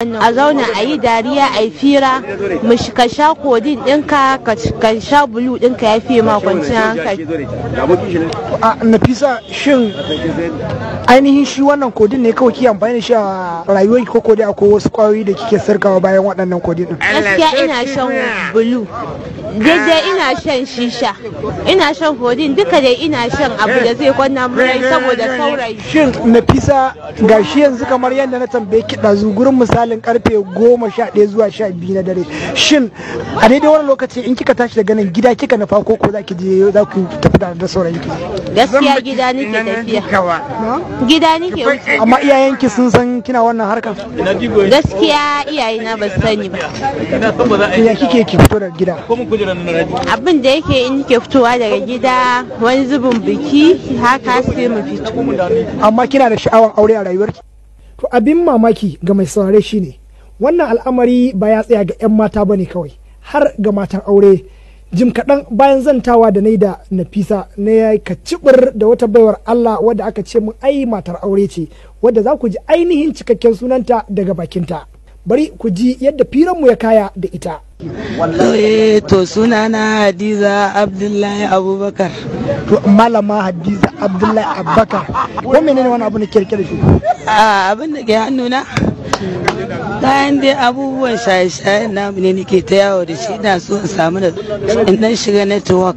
a zauna a yi dariya a yi fira mu ka sha kodin ɗinka ka sha bulu ɗinka ya fiye ma kwanciyar hankali a nafisa shin ainihin shi wannan kodin ne kawai ki amfani da shi a rayuwar ko kodin kowa wasu kwayoyi da kike sarkawa bayan waɗannan kodin ɗin gaskiya ina shan bulu daidai ina shan shisha ina shan kodin duka dai ina shan abu da zai kwanna murai saboda saurayi shin nafisa gashi yanzu kamar yadda na tambaye kiɗa ɗazu gurin misali misalin karfe goma sha ɗaya zuwa sha biyu na dare shin a daidai wani lokaci in kika tashi daga nan gida kika na ko ko za ki je za ku tafi da saurayi ki gaskiya gida nike tafiya gida nike amma iyayenki sun san kina wannan harkar gaskiya iyayena ba su sani ba ya kike ki fito daga gida abin da yake in kike fitowa daga gida wani zubin biki haka sai mu fito amma kina da sha'awan aure a rayuwarki to abin mamaki ga mai saurare ne wannan al'amari ba ya tsaya ga 'yan mata ba ne kawai har ga matan aure jim kaɗan bayan zantawa da na da nafisa na ya kacibir da wata baiwar allah wadda aka ce mun ai matar aure ce wadda za ku ji ainihin cikakken sunanta daga bakinta bari ku ji yadda firanmu ya kaya da ita Wallahi eh, to suna na Hadiza Abdullahi Abubakar. To malama Hadiza Abdullahi Abubakar. Ko menene wani abu ne kirkira shi? Ah abin da ke hannuna. Kayan dai abubuwan shaye-shaye na ne nake ta yawo da shi na so in samu da nan dan shiga network.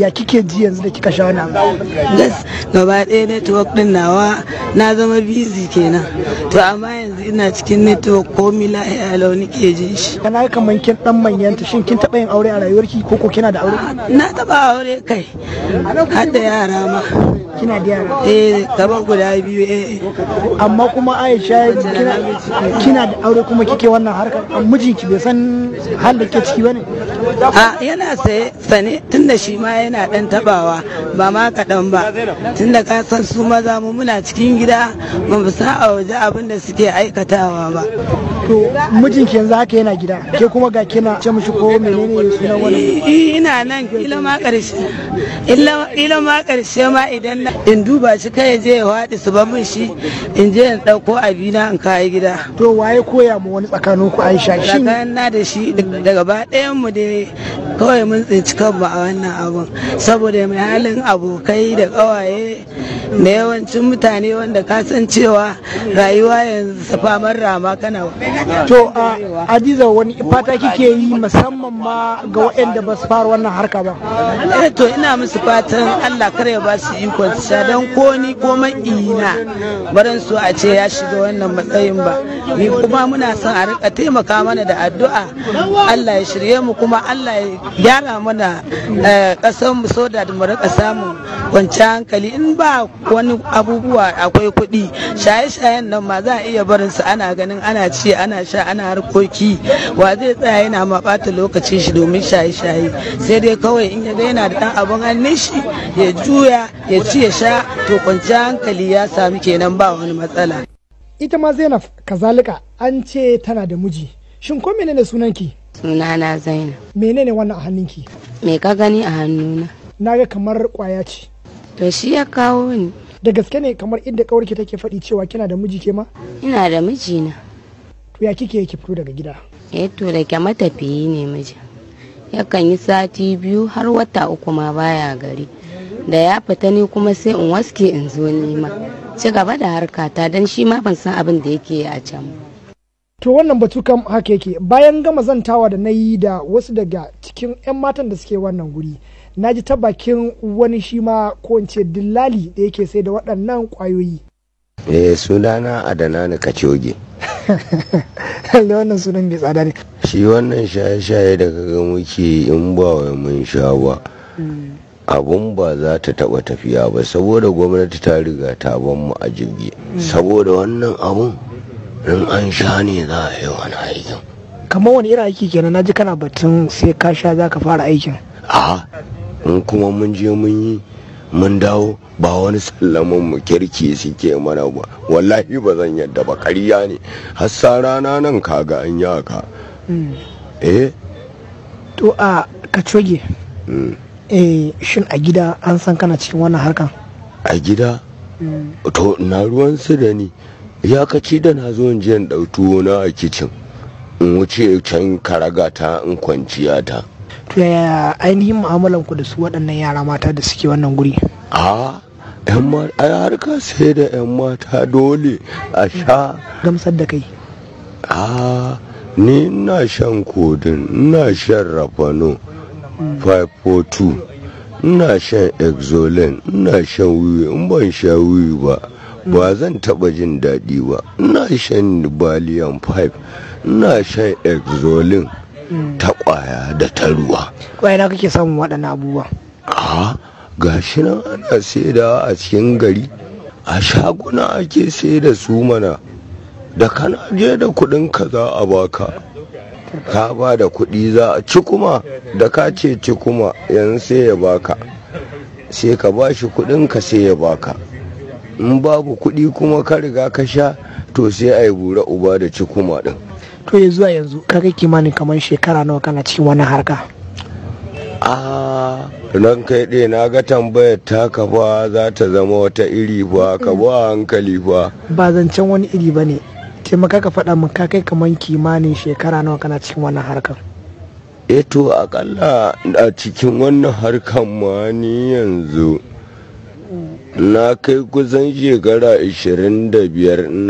Ya kike ji yanzu da kika sha wani abu? Gas gaba ɗaya network din nawa na zama busy kenan to amma yanzu ina cikin network ko mila ya launi ke jin shi kana kaman kin dan manyanta shin kin taba yin aure a rayuwarki ko ko kina da aure na taba aure kai har da yara ma kina da yara eh kaman guda biyu eh amma kuma Aisha kina da aure kuma kike wannan harkar mijinki bai san hal da ke ciki bane a yana sai sane tunda shi ma yana dan tabawa ba ma kadan ba tunda ka san su maza mu muna cikin gida ba mu san a waje abin da suke aikatawa ba to mijinki yanzu haka yana gida ke kuma ga kina ce mishi ko menene sunan wani ina nan ila ma karshe ila ma karshe ma idan na in duba shi kai je ya wadi su ba min shi in je in dauko abina in kai gida to waye koya mu wani tsakanin ku Aisha shi na da shi daga ba ɗayan mu dai kawai mun tsinci ba a wannan abun saboda mai halin abokai da kawaye da yawancin mutane wanda da ka san cewa rayuwa yanzu safamar rama kana to adiza wani fata kike yi musamman ma ga waɗanda ba su fara wannan harka ba eh to ina musu fatan Allah kar ya ba su ikon sa dan ko ni ko ina baran su a ce ya shiga wannan matsayin ba ni kuma muna son a rika taimaka mana da addu'a Allah ya shirye mu kuma Allah ya gyara mana kasar eh, mu so da mu rika samun kwanciyar hankali in ba wani abubuwa a akwai kuɗi shaye-shayen nan ma za a iya barin su ana ganin ana ci ana sha ana harkoki wa zai tsaya yana ma bata lokacin shi domin shaye-shaye sai dai kawai in ya ga yana da ɗan abin hannun shi ya juya ya ci ya sha to kwanciyar hankali ya sami kenan ba wani matsala. ita ma zainab kazalika an ce tana da miji shin ko menene sunanki sunana zainab menene wannan a hannunki me ka gani a hannuna na ga kamar kwaya ce to shi ya kawo ni da gaske ne kamar inda kawarki take faɗi cewa kina da miji ke ma ina da mijina to ya kike yake fito daga gida eh to da ke matafiyi ne miji yakan yi sati biyu har wata uku ma baya gari da ya fita ni kuma sai in waske in zo nima ci gaba da harkata don shi ma ban san abin da yake a can to wannan batu kam haka yake bayan gama zantawa da na yi da wasu daga cikin 'yan matan da suke wannan guri na ji ta bakin wani shi ma ko in dillali da yake sai da waɗannan ƙwayoyi. Eh sunana Adana ni Kacoge. da wannan sunan mai tsada ne. Shi wannan shaye-shaye da kaga muke in ba wa mun sha ba. Hmm. abun ba za ta taɓa tafiya ba saboda gwamnati ta riga ta ban mu a jirgi hmm. saboda wannan abun in an sha ne za a yi wani aikin kamar wani irin aiki kenan na ji kana batun sai ka sha za ka fara aikin A'a. in kuma mun je mun yi mun dawo ba wani sallaman mu kirki suke mana ba wallahi ba zan yadda ba ƙarya ne hassa rana nan kaga an yi haka hmm. eh to a kacoge hmm. eh shin a gida an san kana cikin wannan harkan a gida hmm. to na ruwan su da ni ya kaci da na zo in je in ɗau tuwo na a kicin in wuce can karagata in kwanciya ta yaya ainihin mu'amalan ku da su waɗannan yara mata da suke wannan guri a yan mata harka sai da yan mata dole a sha gamsar da kai a ni na shan kodin na shan rafano 542 ina shan exolen ina shan wiwi in ban sha wiwi ba ba zan taba jin daɗi ba ina shan baliyan 5 ina shan exolen Mm. ta ƙwaya da ta ruwa Kwaya na kake samun waɗannan abubuwa a gashi nan ana saida a cikin gari a shaguna ake sai da su mana da kana je da kuɗin ka za a baka ka ba da kuɗi za a ci kuma da ka ce ci kuma yanzu sai ya baka sai ka ba shi kuɗin ka sai ya baka in babu kuɗi kuma ka riga ka sha to sai a yi bura uba da ci kuma ɗin to ya zuwa yanzu ka kai kimanin kamar shekara nawa kana cikin wannan harka a nan kai ɗe na ga tambayar ta kafa za ta zama wata iri ba ka ba hankali ba ba zancen wani iri ba ne taimaka ka faɗa min ka kai kamar kimanin shekara nawa kana cikin wannan harkar eh to akalla a cikin wannan harkar ma ni yanzu na kai kusan shekara 25